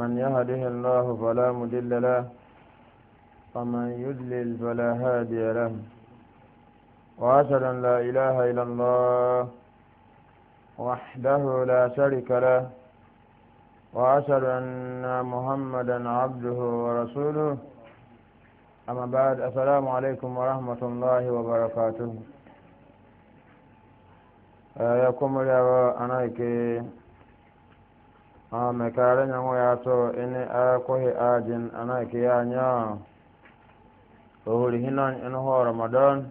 من يهده الله فلا مدل له ومن يدلل فلا هادي له وأشهد أن لا إله إلا الله وحده لا شريك له وأشهد أن محمدا عبده ورسوله أما بعد السلام عليكم ورحمة الله وبركاته آه، يقوم اليوم أنايكي mekare nyango ya to ini akohi ajin ana kiya nya ohuri hinan in ho ramadan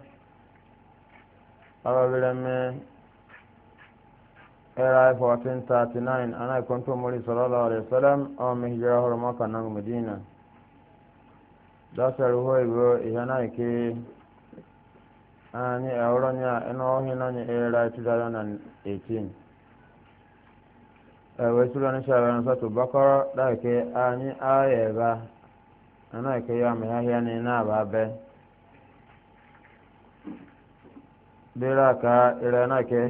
aba me era 1439 e ana e kontu muri sallallahu alaihi wasallam o mi hijra ho maka nang medina dasar ho ibo e ihana ke ani awronya ino hinan era 2018 ويسول أن شاء الله نصات البقرة لك أني آية با أنا كي يوم هي أني نابا به دراكا إلى ناكي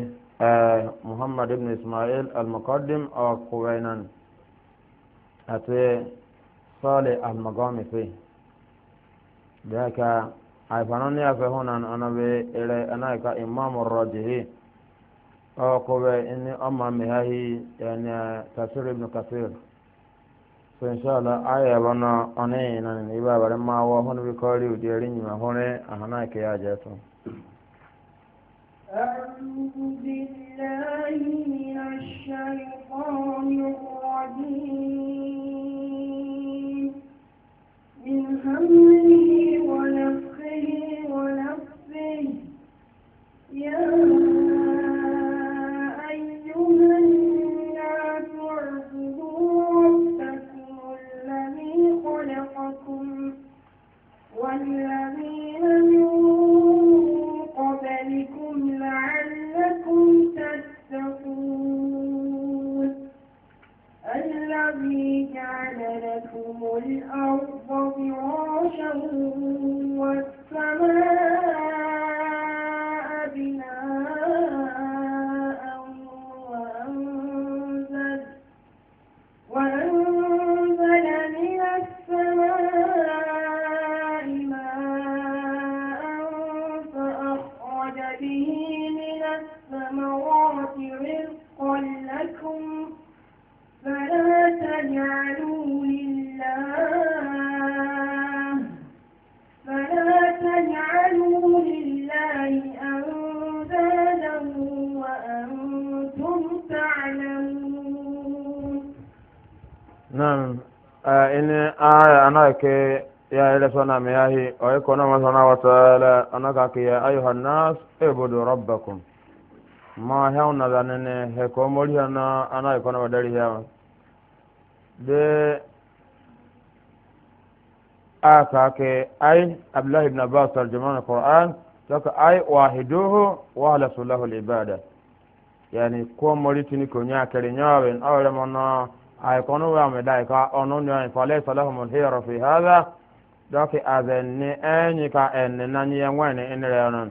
محمد بن إسماعيل المقدم أو قوينا أتي صالح المقام فيه دراكا عيفانوني أفهونا أنا بإلى أنا كإمام الراجحين ọkọ̀wé ẹni ọmọ mi ẹni kasiri ibn kasir so inshallah ayé ẹ̀rọ náà ọ̀nà yìí náà ní ibà mawa wọ ọ̀hún bí kọ́rí òdi ẹ̀rí yìí máa hún رزق لكم فلا تجعلوا لله فلا تجعلوا لله أندادا وأنتم تعلمون نعم آه، إن آية أنا يا إلى سنة مياهي ويكون مثلا وتعالى أنا كي يا أيها الناس اعبدوا ربكم ma hau na zanene he ko mori na ana e ko na badari ya de aka ke ai abdullah ibn abbas tarjuman alquran saka ai wahiduhu wa ala sulahu alibada yani ko mori tini ko nya kare nyawen awre mona ai e ko no wa me dai ka ono nya e, fa le salahum hiyara fi hada dake azenne enyi ka enne nanye ngwane enre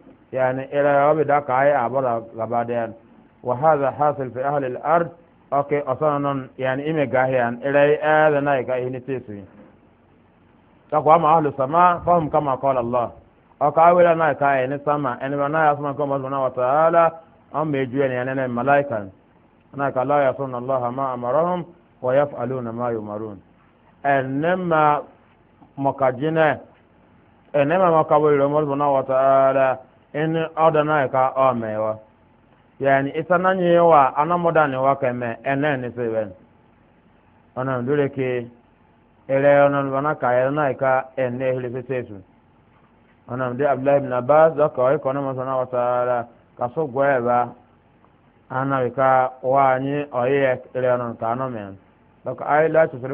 يعني إلى رب داك أي عبارة غبادين وهذا حاصل في أهل الأرض أوكي أصلا يعني إمي قاهيان إلى هذا نايك أي نتيسي تقوى أما أهل السماء فهم كما قال الله أوكي أولا نايك أي نسماء إن بنا يسمى كما سبحانه وتعالى أم يجوين يعني ملايكا نايك لا يصون الله ما أمرهم ويفعلون ما يمرون إنما مكجنة إنما مكبر الله سبحانه وتعالى in ọdụ náà ka ọ mẹwa yẹn isananyi wa anamuda ni wa kẹmẹ ẹnẹ ni sẹbẹn ọnà ndúlẹ ke ẹrẹ ọnà nìbànà ka ka ẹnẹ ẹhìlẹ sẹsẹsù ọnà ndé abdullahi bin abbas dọkà na ana wa